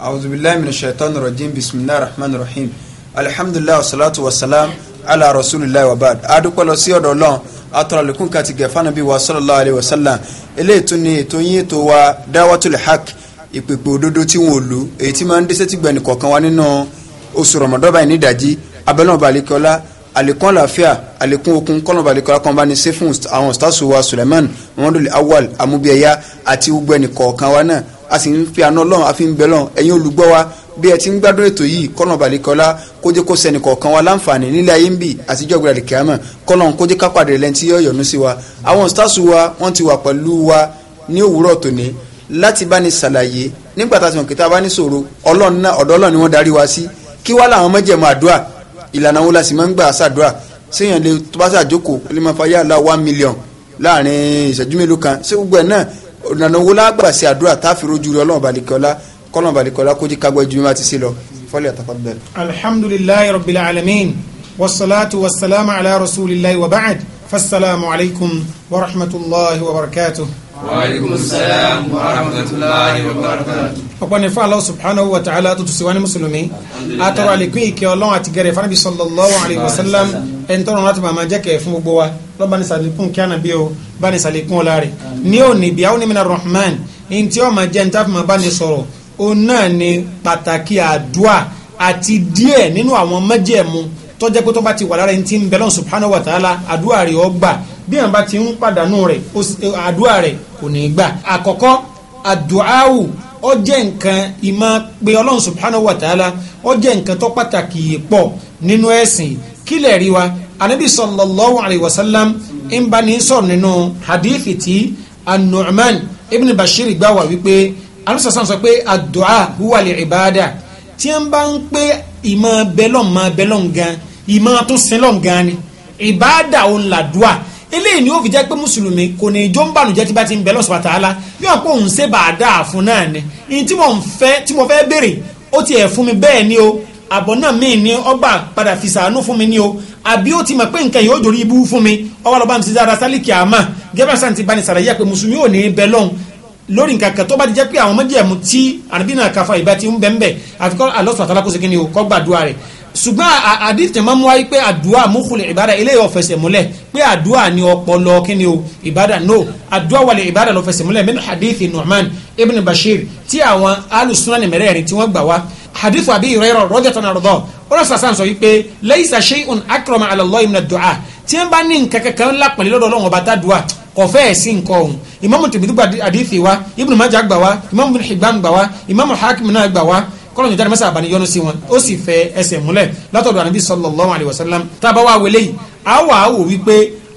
أعوذ بالله من الشيطان الرجيم بسم الله الرحمن الرحيم alihamdulilayi wasalaatu wasalaam ala rasulilayi wabaad adúpẹ́ lọ sí ọ̀dọ̀ Ọlọ́run atọrọlẹkùn kàti gẹfànà bíi wa sallallahu alayhi wa sallam eléyìí tún ni ètò yín ètò wa dáwàtúlẹ hak ìpèpè òdodo tí wọn ò lu èyí tí máa ń dé sétí gbẹni kọ̀ọ̀kan wa nínú oṣù Ramadan báyìí nídàjí abẹ́lẹ́ ọba àlekọ́lá àlékún àlàáfíà àlékún okun kọ́nọ̀bà àlekọ́lá kan bá ní sẹ́fún àwọn stars wa Suleiman muhammadu awal amúbíyẹyà àti gbẹni kọ̀ọ̀kan wa náà a sì ń fi àna ọlọ́run àfi ń bẹ lọ́run ẹ̀yin olùgbọ́ wa bí ẹ ti ń gbádùn ètò yìí kọ́nà balẹ̀kọ́lá kó jẹ́ kó sẹ́ni kọ̀ọ̀kan wa láǹfààní nílẹ̀ ayé ń bì àtijọ́ gbẹ̀rẹ̀ kìámẹ̀ kọ́nà kó jẹ́ ká pàdé lẹ́ni tí yóò yọ́nú sí wa àwọn stars wa wọ́n ti wà pẹ̀lú wa ní òwúrọ̀ tòní láti bá ní ṣàlàyé nígbà tá a ti mọ̀ kí bá ní ṣòro ọlọ́run náà ọ̀dọ̀ ọlọ́run ni wọ́n darí wa la sì máa ń gbà ṣàdúrà séèyàn lè tó bá ṣàjókòó lè máa fa yàrá one million láàrin ìṣẹ́jú mélòó kan ṣé gbogbo ẹ̀ ọ̀nà wo lágbà sí àdúrà táfi rojú rẹ ọlọ́run balikọ́lá kọ́lọ́run balikọ́lá kó jí kágbọ́ ju mímá ti sí lọ fọ́lẹ̀ àtàkọ́bẹ̀. alhamdulilayi rabbil alamin wasalaatu wasalaamu ala rasulilayi wa ba'ad fasalaamu alaykum wa rahmatulahi wa barakatuh ọ̀pọ̀ ní fún Allah subhanahu wa ta'ala tó tún síwáni mùsùlùmí àtọrọ àlékún ìkẹ́ ọlọ́run àti gẹ̀rẹ̀ fanabi sallallahu alayhi wa sallam ẹni tọrọ láti màmá jẹ́ kẹ̀ fún gbogbo wa lọ́ bá ní sàlékún kí ànàbí o bá ní sàlékún ọlá rẹ̀ ní òní bí àwọn onímọ̀ rahman ní tí ó máa jẹ́ níta fún ma bá ní sọ̀rọ̀ ó náà ní pàtàkì àdúà àti díẹ̀ nínú àwọn májẹ̀mú tó jẹ́ pé tó bá ti wà lára ẹni tí ń bẹ lọ́n bí àwọn bá ti ń pàdánù rẹ̀ eh, àdúrà rẹ̀ kò ní í gbà àkọ́kọ́ àdùáwù ó jẹ́ nǹkan ìmọ̀ pé ọlọ́run subhanahu wa ta'ala ó jẹ́ nǹkan tó pàtàkì pọ̀ nínú ẹ̀sìn kílẹ̀ rí wa anabi sallallahu alayhi wa sallam ń bá ní sọ̀rọ̀ nínú hadithi ti an ibn Bashir gbà wá wípé anúṣà sàn sọ pé àdùá huwa li ibada tí wọ́n bá ń pé ìmọ̀ bẹ́lọ̀ mọ̀ bẹ́lọ̀ gan ìmọ̀ tó sin gan ni ìbáàdà òun làdùá eléyìí ni ó fi jẹ́ pé mùsùlùmí kò ní ijó ń bànújẹ́ tí bá ti ń bẹ lọ́sọ̀ àtàlá yóò pé òun ṣe bá a dá a fún náà ni ní tí mo fẹ́ tí mo fẹ́ béèrè ó ti ẹ̀ fún mi bẹ́ẹ̀ ni o àbọ̀ náà mi ni ọgbà padà fi sàánú fún mi ni o àbí ó ti mọ̀ pé nǹkan yìí ó dòrí ibú fún mi ọwọ́ lọ́ba mi ti dára sálíkì àmà gẹ́gẹ́ sàn ti bá ní sàlàyé ṣùgbọ́n àdìtẹ̀ máa mú wáyé pé àdúrà múkulẹ̀ ìbádà ilé yóò fẹsẹ̀ múlẹ̀ pé àdúrà ni ọpọlọ kíni o ìbádà no àdúrà wàlẹ̀ ìbádà ló fẹsẹ̀ múlẹ̀ min hadithi nu'man ibn bashir tí àwọn alùsùnà ní mẹ́rẹ̀ẹ̀rin tí wọ́n gbà wá hadithu abi rẹ́rọ̀ rọ́jọ́tàn àrọ́dọ̀ ó rà sàṣà sọ wípé laysa shay'un akrama ala Allah min ad-du'a tí wọ́n bá ní nǹkan kankan lápẹ̀lẹ́ lọ́dọ̀ ọlọ́run ọba tá dùà kọfẹ́ ẹ̀ sí nǹkan ọ̀hún imamu tìbìtì gba àdìsí wa ibn majah gbà wá imamu bin hibban gbà wá imamu hakim náà gbà wá kọlọ́nù jáde mẹ́sàá àbániyọ́nu sí wọn ó sì fẹ́ ẹsẹ̀ múlẹ̀ látọ̀dọ̀ ànábì sallallahu alayhi wa sallam tá a bá wá wọlé yìí a wà á wò wípé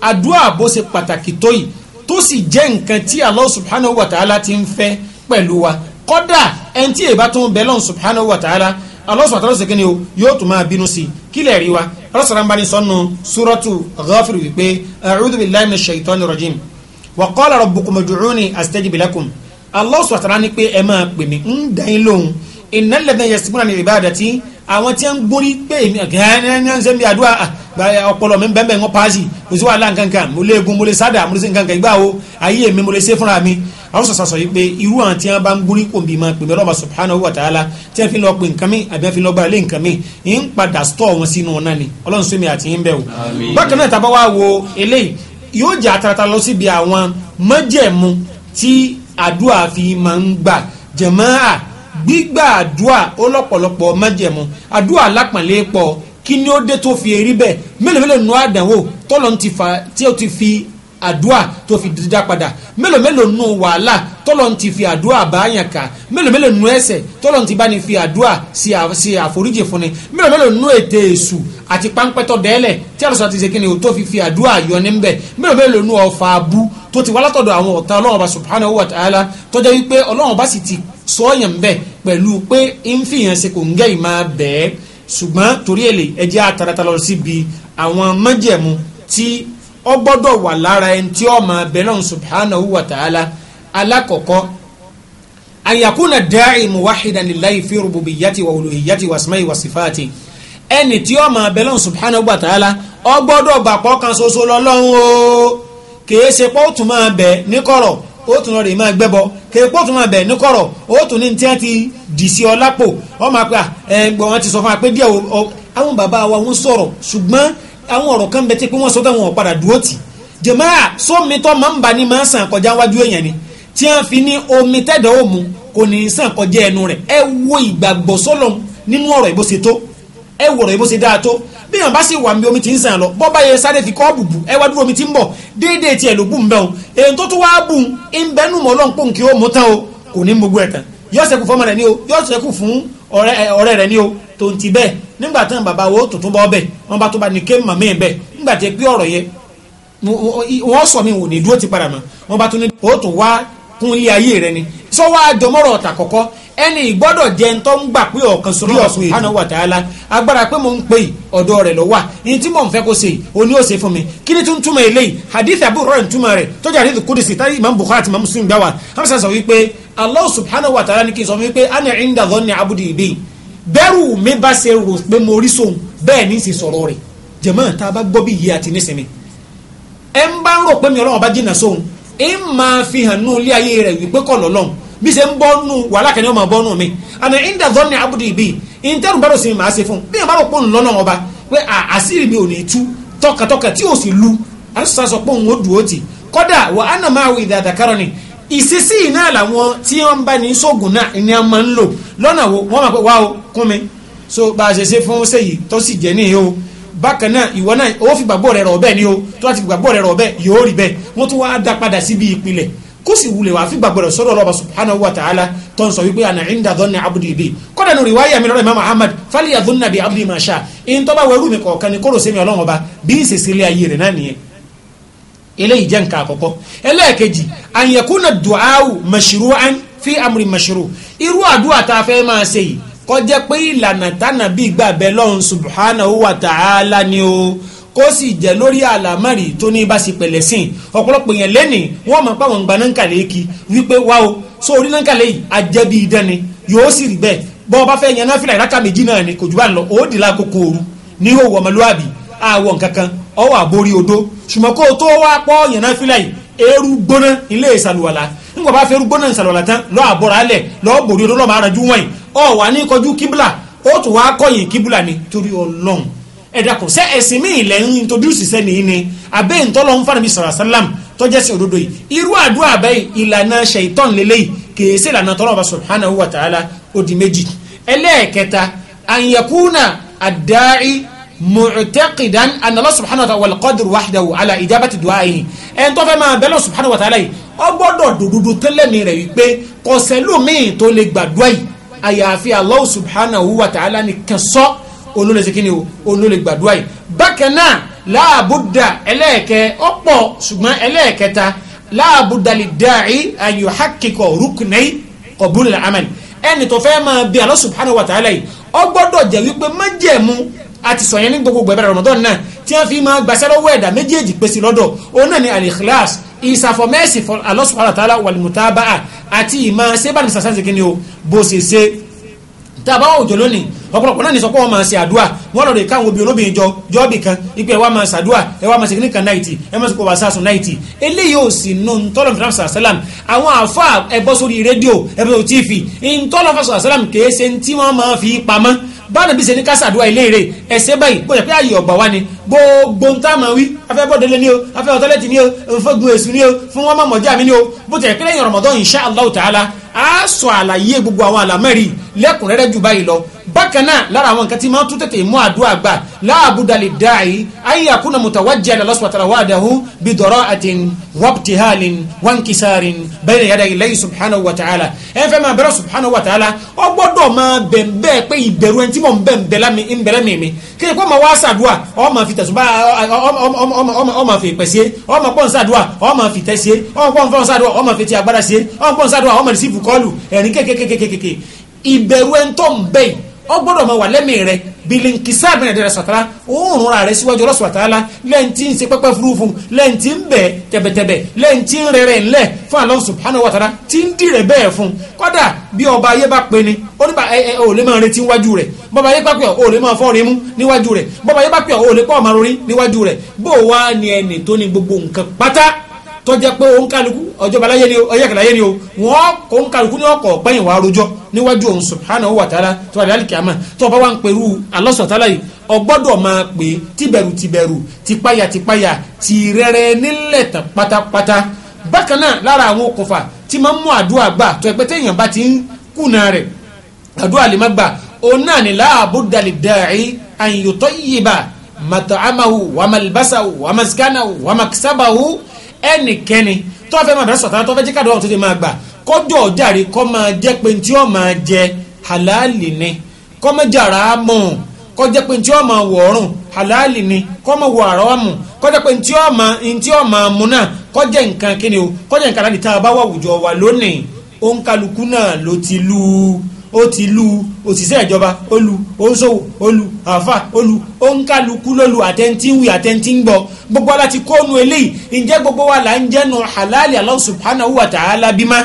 àdúrà bó ṣe pàtàkì tó yìí tó sì jẹ́ nǹkan tí Allah subhanahu wa ta'ala ti ń fẹ́ pẹ̀lú wa kọ́dà ẹni èèbá tó ń bẹ lọ́n subhanahu wa ta'ala Allah subhanahu wa ta'ala yóò tún máa bínú sí kílẹ̀ rí wa alọ́sàrànbani sọ́nù suratu Ghafir wípé a'udhu billahi minash shaitanir rajim wa qala rabbukum ud'uni astajib lakum Allah pé ẹ máa pè ń dẹ́yìn lóhùn innal ladhina yastabiruna li ibadati àwọn tí ń gbórí pé èmi gángan ṣe ń bí àdúrà ah, eh, ọpọlọ mi bẹ́ẹ̀ bẹ́ẹ̀ ń paasi kò sí wàhálà nkankan mo lé egun mo lè sádà mo lè ṣe nkankan ìgbà wo ayé mi mo lè ṣe fúnra mi àwọn sọ̀sọ̀ sọ̀ yìí pé irú àwọn tí wọ́n bá ń gbórí kò bí ma pèmí ọlọ́ba subhanahu wa ta'ala tí wọ́n fi lọ pè nǹkan mi àbí wọ́n fi lọ gbára lé nǹkan mi ń padà stọ̀ wọn sínú wọn náà ni ọlọ́run sọ mi àti yín bẹ́ẹ̀ o bákan náà tàbá wá wo eléyìí yóò jẹ́ àtàtà lọ síbi àwọn májẹ̀mú tí àdúrà fi máa ń gbà jàmáà gbígbà àdúà ó lọ́pọ̀lọpọ̀ májẹ̀mú àdúà lápàlẹ́ pọ̀ kí ni ó dé tó fi erí bẹ́ẹ̀ mélòó mélòó nù àdánwò tọ́lọ́ tí ó ti fi àdúà tó fi dídá padà mélòó mélòó nù wàhálà tọ́lọ́ ti fi àdúà báyàn ká mélòó mélòó nù ẹsẹ̀ tọ́lọ́ ti bá ní fi àdúà sí àforíjì fún ni mélòó mélòó nù ètè èṣù àti páńpẹ́tọ́ dẹ́lẹ̀ tí àlùsọ ti ṣe kíni o tó fi fi àdúrà yọ ní bẹ̀ mélòó mélòó nu ọ̀fà abú tó ti wá látọ̀dọ̀ àwọn ọ̀tá ọlọ́run ọba subhanahu wa ta'ala tọ́jà wípé ọlọ́run ọba sì ti sọ́ọ̀yàn bẹ́ẹ̀ pẹ̀lú pé ń fìyàn ṣe kò ń gẹ́ ìmọ̀ bẹ́ẹ̀ ṣùgbọ́n torí èlé ẹjẹ́ àtàràtà lọ síbi àwọn májẹ̀mú tí ó gbọ́dọ̀ wà lára ẹni tí ó máa bẹ Ọlọ́hun wa ta'ala alákọ̀ọ́kọ́ an yakuna da'i muwahidan lillahi fi rububiyyati wa uluhiyyati wa asma'i wa sifati ẹni tí ó máa bẹ Ọlọ́hun subhanahu wa ta'ala ó gbọ́dọ̀ gbàpọ̀ kan ṣoṣo lọ́lọ́run o kì í ṣe pé máa bẹ̀ níkọ̀rọ̀ ó tún lọ rè máa gbẹ́bọ kéèpó tún máa bẹ̀ ní kọ̀rọ̀ ó tún ní tiẹ́ ti dì sí ọ lápò ọ máa pa ẹ wọn ti sọ fún wa pé díẹ̀ o àwọn bàbá wa wọn sọ̀rọ̀ ṣùgbọ́n àwọn ọ̀rọ̀ kan bẹ tí pé wọ́n sọ táwọn ọ̀padà dúró tì jẹ̀máà sómitọ́ máa ń bà ní máa ń sàn kọjá wájú èèyàn ni tí wọ́n fi ní omi tẹ́dọ̀ òmu kò ní sàn kọjá ẹnu rẹ̀ ẹ wo ìgbàgbọ́ sọ́lọ́ nínú ọ̀rọ̀ ìbó ẹ wọ̀rọ̀ yìí bó ṣe dáa tó bí yàn bá sì wà mí omi ti ń sàn lọ bọ́ báyẹn sáré fi kọ́ bùbù ẹ wá dúró omi ti ń bọ̀ déédéé tiẹ̀ ló bù ń bẹ́ o èyí tó tún wáá bù ń bẹ́ nù mọ́ ọlọ́run pò ń kí ó mú tán o kò ní gbogbo ẹ̀ tán yọ sẹ́kù fọ́mọ rẹ̀ ni o yọ sẹ́kù fún ọ̀rẹ́ rẹ̀ ni o tó ń ti bẹ́ẹ̀ nígbà tán bàbá wo tuntun bọ́ bẹ́ẹ̀ wọ́n bá tó bá ní ké màmí ẹ̀ bẹ́ẹ̀ nígbà tí ẹ pé ọ̀rọ̀ yẹ wọ́n sọ mi wò ní dúró ti padà mọ́ wọ́n bá tún ní o tún wá kun ilé ayé rẹ ni sọwọ́ àjọmọ́rọ̀ ọ̀tà kọ̀kọ́ ẹni ìgbọ́dọ̀ jẹ́ ń ń gbà pé ọ̀kan sórí ọ̀sùn ìhánà wà mo ń pè rẹ lọ wà ní tí mò ń fẹ́ kó fome òní ò ṣe fún mi kí ni túmọ̀ eléyìí hadith Abu Hurairah túmọ̀ rẹ̀ tọ́jú hadith Muslim gbà wá hamsa sọ wípé Allah subhanahu wa ta'ala ni n sọ wípé ana inda bẹ́rù mi bá rò pé ń máa fi hàn nù ilé ayé rẹ̀ wípé kọ̀ lọ́lọ́run bí ṣe ń bọ́ nù wàhálà kẹ́ni ọmọ bọ́ nù mi àná zọ́ọ̀nì abudu ibi ìntẹ́rù bá rò màá ṣe fún bí ìbá rò pọ̀ lọ́nà ọba pé àṣírí mi ò ní tú tí ò sì lu sọ pé òun dùn ó kọ́dà wà á nà máa wí ìdá ni ìṣesí iná a máa ń lò lọ́nà wo wọ́n máa pẹ́ o kún mi so bá a ṣe ṣe fún ṣèyí tó sì o bákan náà ìwọ náà ó fi gbàgbọ́ rẹ̀ rọ̀ bẹ́ẹ̀ ni o tó bá ti gbàgbọ́ rẹ̀ rọ̀ bẹ́ẹ̀ yóò rí bẹ́ẹ̀ wọ́n tún wá dá padà síbi ìpìlẹ̀ kó sì wulẹ̀ wá fi gbàgbọ́ rẹ̀ sọ́dọ̀ ọlọ́ba subhanahu wa ta'ala tó ń sọ wípé àná ìndà dọ́nà abudi ibi kọ́dà nù rìwáyà mi lọ́dọ̀ imam ahmad faliya dọ́nà bi abudi masha in tọ́ba wẹ̀rù mi kọ̀ọ̀kan ni kóró sẹ́mi ọlọ́run bí ń sèse ayé rẹ̀ náà nìyẹn eléyìí jẹ́ nǹkan àkọ́kọ́ ẹlẹ́ẹ̀kejì àyẹ̀kúnà duawu mashiru an fi amri mashiru irú àdúrà tá a fẹ́ máa ṣe kọjá pé ìlànà tánàbí gbàgbẹ́ lọ́hùn subhanahu wa ta'ala ni o kó sì jẹ́ lórí àlámárì tó ní bá sì pẹ̀lẹ́ sìn ọ̀pọ̀lọpọ̀ yẹn lẹ́nìí wọ́n mọ̀ páwọn gbaná ń kàlẹ́ kí wípé wá o so orí náà kàlẹ́ yìí ajẹ́bí idán ni yóò sì rí bẹ́ẹ̀ bọ́ ọba fẹ́ yẹn náà fìlà ìrákà méjì náà ni kò jù bá ń lọ òódì lákòókò ooru ní òwò ọmọlúwàbí àwọ̀ nkankan ọwọ́ àbórí odó ṣùgbọ́n kó o tó wá pọ́ yẹn náà fìlà yìí eérú gbóná ilé ìsàlùwàlà ńgbọ̀ bá fẹ́rú gbọ́nà ìsàlọ̀lá tán lọ́ àbọ̀rọ̀ alẹ̀ lọ́ bòrí olólọ́mọ aranjú wọ̀nyí ọ̀ wà ní kọjú kíbùlà ó tún wá kọ̀yìn kíbùlà ni torí ọlọ́run ẹ̀dá kò sẹ́ ẹ̀sìn mí ilẹ̀ introduce sẹ́ nìyí ni abẹ́ ìtọ́lọ́ ń fànàbí sọ̀rọ̀ sálám tọ́jẹ́ sí òdodo yìí irú àdúrà bẹ́ẹ̀ ìlànà ṣèitán lélẹ́yìí kèésì ìlànà tọ́lọ́ba subhanahu wa ta'ala ó di méjì ẹlẹ́ẹ̀kẹta àyẹ̀kúnà mu'taqidan anna Allah subhanahu wa ta'ala wal qadru wahdahu ala ijabati du'a'ihi ẹni tó fẹ́ máa bẹ Ọlọ́hun subhanahu wa ta'ala yìí ó gbọ́dọ̀ dòdòdò tẹ́lẹ̀ mi rẹ̀ wípé kò sẹ́lómìn tó lè gbàdúrà yìí àyàfi Allah subhanahu wa ta'ala nìkan sọ́ olólè ṣe kíni o olólè gbàdúrà yìí bákan náà láàbùdà ẹlẹ́ẹ̀kẹ́ ọ̀pọ̀ ṣùgbọ́n ẹlẹ́ẹ̀kẹta láàbùdà lè dàrí ayò hakikọ̀ rúkùnẹ́yì qabul al-amal ẹni tó fẹ́ máa subhanahu wa ta'ala yìí ó gbọ́dọ̀ jẹ́ wípé májẹ̀mú àti sọ̀yẹn ní gbogbo gbẹ̀bẹ̀rẹ̀ Ramadan náà tí wọ́n fi máa gbàṣẹ́ lọ́wọ́ ẹ̀dá méjèèjì pèsè lọ́dọ̀ òun náà ni al-ikhlas ìsàfọ̀mẹ́sì Allah subhanahu wa ta'ala wal-mutaba'a àti ìmọ̀ sẹ́bàánì sàṣàṣì kí o bó ṣe ṣe tá a bá wà òjò lónìí ọ̀pọ̀lọpọ̀ náà ní sọ pé wọ́n máa ṣe àdúrà wọ́n lọ́ọ́ de káwọn obìnrin olóbìnrin jọ jọ́ọ̀bì kan ipe ẹ̀ wá máa ṣàdúrà ẹ̀ wá máa ṣe kíní kan náìtì ẹ̀ máa ṣe kó wá sásùn náìtì eléyìí ò sì nu ntọ́lọ̀ fún fásitì asálàm àwọn àfa ẹ̀ bọ́ sórí rédíò ẹ̀ bọ́ sórí tíìfì ntọ́lọ̀ fásitì asálàm kèé ntí wọ́n máa fi pamọ́ báwọn bí ṣe ní kásádùá ilé rẹ̀ ẹ̀sẹ̀ báyìí bó pé ààyè ọ̀gbà wa ni gbogbo ń táàmù wí afẹ́ bọ́dẹ̀lẹ̀ ni o afẹ́ ọ̀tọ́lẹ̀tì ni o fọ́gun èsù ni o fún wọn mọ̀mọ́ jáàmì ni o bó tẹ̀ kílẹ̀ Ramadan insha Allah ta'ala á sọ àlàyé gbogbo àwọn àlámẹ́rì lẹ́kùnrẹ́rẹ́ jù báyìí lọ bákan náà lára àwọn nǹkan tí máa tún tètè mú àdúrà gbà láàbùdàlì dáì ayé àkúnà mùtàwájẹ́ lọ́sọ̀tàrà kí ni kó máa wá sàdúà ọ máa fi tẹ̀sùbá ọmọ fi pẹ̀ sí ọmọ e, pọ́n sàdúà ọmọ fi tẹ̀ sí ọmọ e, pọ́n fọ́n sàdúà ọmọ fi ti agbára sí ọmọ pọ́n sàdúà ọmọ rìsífù kọ́ọ̀lù ẹ̀rín kékèkékèké ìbẹ̀rù ẹ̀ ń tọ́ ń bẹ́ẹ̀ ọgbọ́dọ̀ máa wà lẹ́mìí rẹ̀ bilinkisa bẹ̀rẹ̀ dẹ̀rẹ̀ sọ̀tara òórùn ara rẹ̀ síwájú ọlọ́sùn àtàlà lẹ́yìn tí ń ṣe pẹ́pẹ́ furuufu lẹ́yìn tí ń bẹ̀ tẹ̀bẹ̀tẹ̀bẹ̀ lẹ́yìn tí ń rẹ̀rẹ̀ ńlẹ̀ fún Allah subhanahu wa ta'ala tí ń dìrẹ̀ bẹ́ẹ̀ fún kọ́dà bí ọba ayé bá pe ni ó ní bá ẹ ẹ ò lè máa retí níwájú rẹ̀ bọ́ba ayé bá pè ọ́ ò lè máa fọ́ rimú níwájú rẹ̀ bọ́ba ayé bá pè ọ́ ò lè pọ́ ọ̀ma rorí níwájú rẹ̀ bó o wá ní tó ní gbogbo nǹkan pátá tó jẹ́ pé òun kálukú ọjọ́ balayé ni o ọjọ́ kàláyé ni o wọ́n òun kálukú ní ọkọ̀ gbẹ̀yìn wàá rojọ́ níwájú òun subhanahu wa ta'ala tó wà lálẹ́ kìámà tó bá wà ń perú Allah ta'ala yìí ọgbọ́dọ̀ máa pè tìbẹ̀rù tìbẹ̀rù tìpáyà tìpáyà tìrẹ̀rẹ̀ nílẹ̀ tán pátápátá bákan náà lára àwọn okùnfà tí máa ń mú àdúrà gbà tó ẹgbẹ́ téèyàn bá ti ń ẹnikẹ́ni tó fẹ́ máa bẹ̀rẹ̀ sọ̀tàn tó fẹ́ jẹ́ káàdùn ọ̀tún ti máa gbà kọjọ́ ọ̀jàre kọ́ máa jẹ́ pé tí ó máa jẹ halali ni kọ́ máa jẹ àràmù kọ́ jẹ́ pé tí ó máa wọ̀ọ́rùn halali ni kọ́ máa wọ àràmù kọ́ jẹ́ pé tí ó máa tí ó máa mú náà kọ́ jẹ́ nǹkan kíni o kọ́ jẹ́ nǹkan láti tá a bá wà àwùjọ wa lónìí òǹkàlùkù náà ló ti lù ú ó ti lu òṣìṣẹ́ ìjọba ó lu oṣòwò ó lu àáfà ó lu òǹkàlùkù ló lu àtẹ̀ntínwì àtẹ̀ntíngbọ̀ gbogbo ala ti kóònù eléyìí ǹjẹ́ gbogbo wa là ń jẹ́nu halali Allah subhanahu wa ta'ala bímá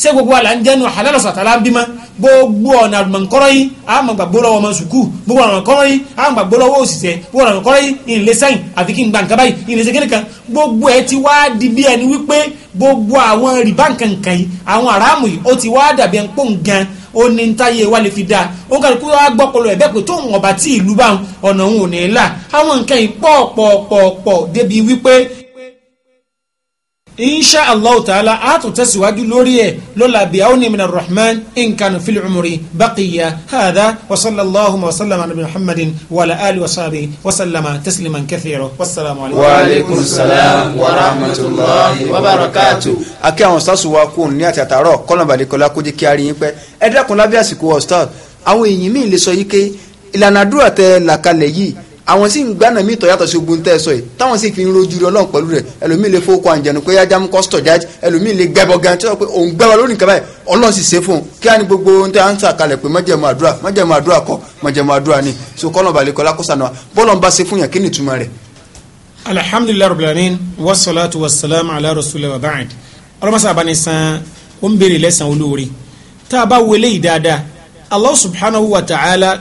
ṣé gbogbo wa là ń jẹ́nu halali Allah ta'ala bímá gbogbo ọ̀nà àdùmọ̀nkọ́rọ́ yìí àmọ̀ gbàgbó lọ́wọ́ ọmọ sùkú gbogbo ọ̀nà àdùmọ̀nkọ́rọ́ yìí àmọ̀ gbàgbó lọ́wọ́ òṣìṣẹ́ gbogbo ọ̀nà àdùmọ̀nkọ́rọ́ yìí ìlẹ̀ sáyìn àfi kí n gba nǹkan báyìí ìlẹ̀ sẹ́kẹ́rẹ́ kan gbogbo ẹ̀ ti wá di bí ẹni wípé gbogbo àwọn rìbá nǹkan nǹkan yìí àwọn àràmù yìí ó ti wá dàbí ẹ̀ ń ń gan ó ní ntáyé wa lè fi dáa ó ń kàlùkù wá gbọ́pọ̀lọ́ ẹ̀ bẹ́ẹ̀ pé tóun ọ̀bà tí ìlú bá ọ̀nà òun ò ní í là àwọn nǹkan yìí pọ̀ pọ̀ pọ̀ pọ̀ débi wípé insha allah ta'ala a tún tẹ̀síwájú lórí ẹ̀ lọ́la bí àwọn ní minna rahman nkan fil umri baqiya hada wa sallallahu wa sallam ala muhammadin wa ala ali wa sahbihi wa sallama tasliman kathiro wa salamu alaykum. wa aleykum salaam wa rahmatulahi wa barakatu. a kí àwọn sọ́ọ̀sì wa kú ní àtàtàrọ̀ kọ́lọ̀bàlẹ́kọ́lá kó jẹ́ kí a rí yín pẹ́ ẹ dákun lábẹ́ àsìkò ọ̀stọ́ọ̀ àwọn èèyàn míì lè sọ yìí pé ìlànà àdúrà tẹ làkalẹ̀ yìí àwọn sì ń gbàna mí tọ́ yàtọ̀ sí ogun tẹ́ ẹ sọ yìí táwọn sì fi ń rojú rẹ ọlọ́run pẹ̀lú rẹ ẹlòmíì lè fowó kọ àǹjẹ̀nu pé yájá mú kọ́sítọ̀ jáde ẹlòmíì lè gbẹ́bọ gan tí wọ́n pe òun gbẹ́bọ lónìí kaba yìí ọlọ́run sì ṣe fún un kí á ní gbogbo ohun tí a ń sàkalẹ̀ pé májẹ̀mú àdúrà májẹ̀mú àdúrà kọ́ májẹ̀mú àdúrà ni so kọ́nà balẹ̀ kọ́lá kó sànà bọ́lọ̀ ń bá ṣe fún yàn kí ni ìtumọ̀ wa ba'd ọlọmọsá abani san ó ń béèrè lẹ́sàn olóore tá allah subhanahu wa ta'ala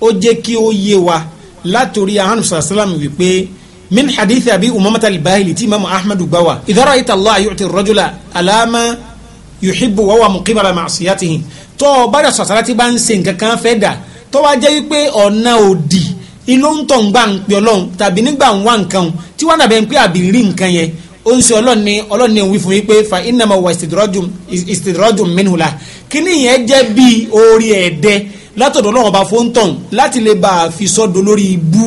ó jẹ́ wa látòrí ahanusa salam wípé min hadith abi umamata al-bahili ti imaamu ahmadu gbawa idara ita allah yu'ti rajula alama yuhibbu wawa muqibala ma'asiyatihi tó o bá yàtọ̀ sàrà tí bá ń ṣe nǹkan kan fẹ́ dà tó wá jẹ́ wípé ọ̀nà òdì ilé ń tọ̀ ń gbà ń pè ọlọ́run tàbí nígbà ń wá nǹkan tí wọ́n dàbẹ̀ ń pè àbírí nǹkan yẹn ó ń ṣe ọlọ́ni ọlọ́ni ń wí fún yín pé fa innama wa istidrajum istidrajum minhu la kíní yẹn jẹ́ bíi orí ẹ̀dẹ́ látọ̀dọ̀ ọlọ́run ọba fóńtọ̀n láti lè bá a fi sọ́dọ̀ lórí ibú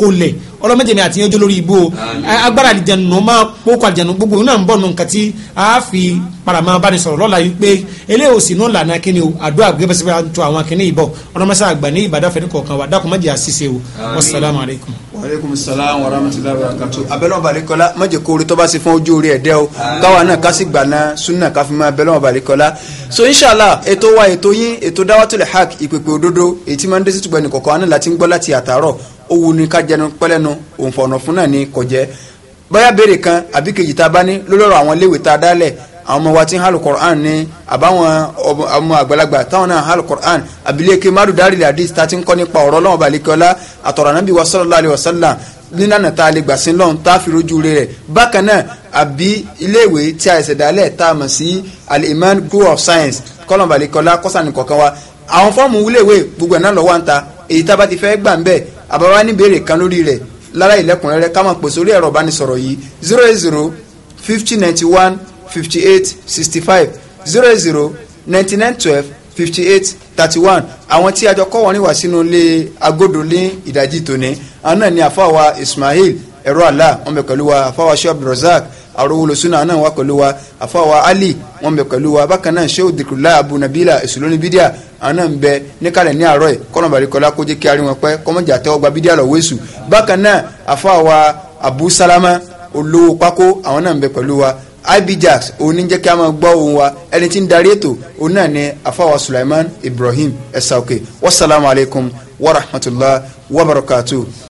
kolẹ̀ ọlọ́mọdémi àti yẹn jó lórí ibú o agbára àdìjẹnu máa kókó àdìjẹnu gbogbo náà ń bọ̀ nù nǹkan tí a fi paramọ́ báni sọ̀rọ̀ lọ́la yìí pé eléyìí ò sì náà lànà kíni o àdúrà gbẹ́bẹ́sẹ̀ bá tó àwọn kíní ìbọ̀ ọlọ́mọsá àgbà ní ìbàdàn fẹ́ni kọ̀ọ̀kan wa dákun mọ́jì àṣìṣe o wasalaamu aleykum. waaleykum salaam wa rahmatulahi wa barakatu. abẹ́lẹ́ ọ̀bàlẹ́kọ́lá mọ̀jẹ̀ kó tó bá ṣe fún ojú orí ẹ̀dẹ́ so inshallah ètò wa ètò yín ètò dáwàtúlẹ̀ haq ìpèpè òdodo èyí tí máa ń dé sí tùgbẹ́ni kọ̀ọ̀kan wa náà owó ni ká jẹnu pẹ́lẹ́nu òǹfọ̀nà fún náà ni kò jẹ́ bóyá béèrè kan àbí kejì tá a bá ní lọ́lọ́rọ̀ àwọn iléèwé tá a dálẹ̀ àwọn ọmọ wa ti ń hàlù Qur'an ní àbáwọn ọmọ àgbàlagbà táwọn náà hàlù Qur'an abiléke madu dari ladis ta ti ń kọ́ nípa ọ̀rọ̀ lọ́wọ́ balẹ̀kọ́lá àtọ̀rọ̀ anábì wa sallallahu alaihi wasallam nílànà tá a lè gbà sí lọ́hùn tá a fi rojú rẹ̀ bákan náà àbí iléèwé tí a ẹ̀sẹ̀ dálẹ̀ tá a mọ̀ sí al-iman school of science kọ́lọ̀ balẹ̀kọ́lá kọ́sàn-án kọ̀ọ̀kan wa àwọn fọ́ọ̀mù iléèwé gbogbo ẹ̀ náà lọ́wọ́ à ń ta èyí tá a bá ti fẹ́ gbà ń bẹ́ẹ̀ àbáwá ní béèrè kan lórí rẹ̀ lára ìlẹ́kùnrẹ́rẹ́ ká máa pè sórí ẹ̀rọ ìbánisọ̀rọ̀ yìí zero eight zero fifty ninety one fifty eight sixty five zero eight zero ninety nine twelve fifty eight thirty one àwọn tí àjọ kọ́ wọn ní wà sínú ilé agodo ní ìdajì tòní àwọn náà ní àfáwà Ismail ẹ̀rọ àlà ọmọ ẹ̀kọ́ ló wà àfáwà Shop Rozak arówólò súnà náà wà pẹ̀lú wa àfọwà ali wọn bẹ pẹ̀lú wa bákan náà sheu dhikrullah abu nabila ìsúlóní bídíà àwọn náà ń bẹ níkàlẹ̀ ní àárọ̀ yìí kọ́nà balikọ́lá kó jẹ́ kí arí wọn pẹ́ kọ́mọ́jà tẹ́wọ́ gba bídíà lọ́wọ́ èṣù bákan náà àfọwà abu salama olówó pákó àwọn náà ń bẹ pẹ̀lú wa ibijax òun ní jẹ́ kí a máa gbọ́ ohùn wa ẹni tí ń darí ètò òun náà ni àfọwà sulaiman ibrahim ẹ̀sà òkè wasalaamualeykum wa rahmatulah wa barakatuh.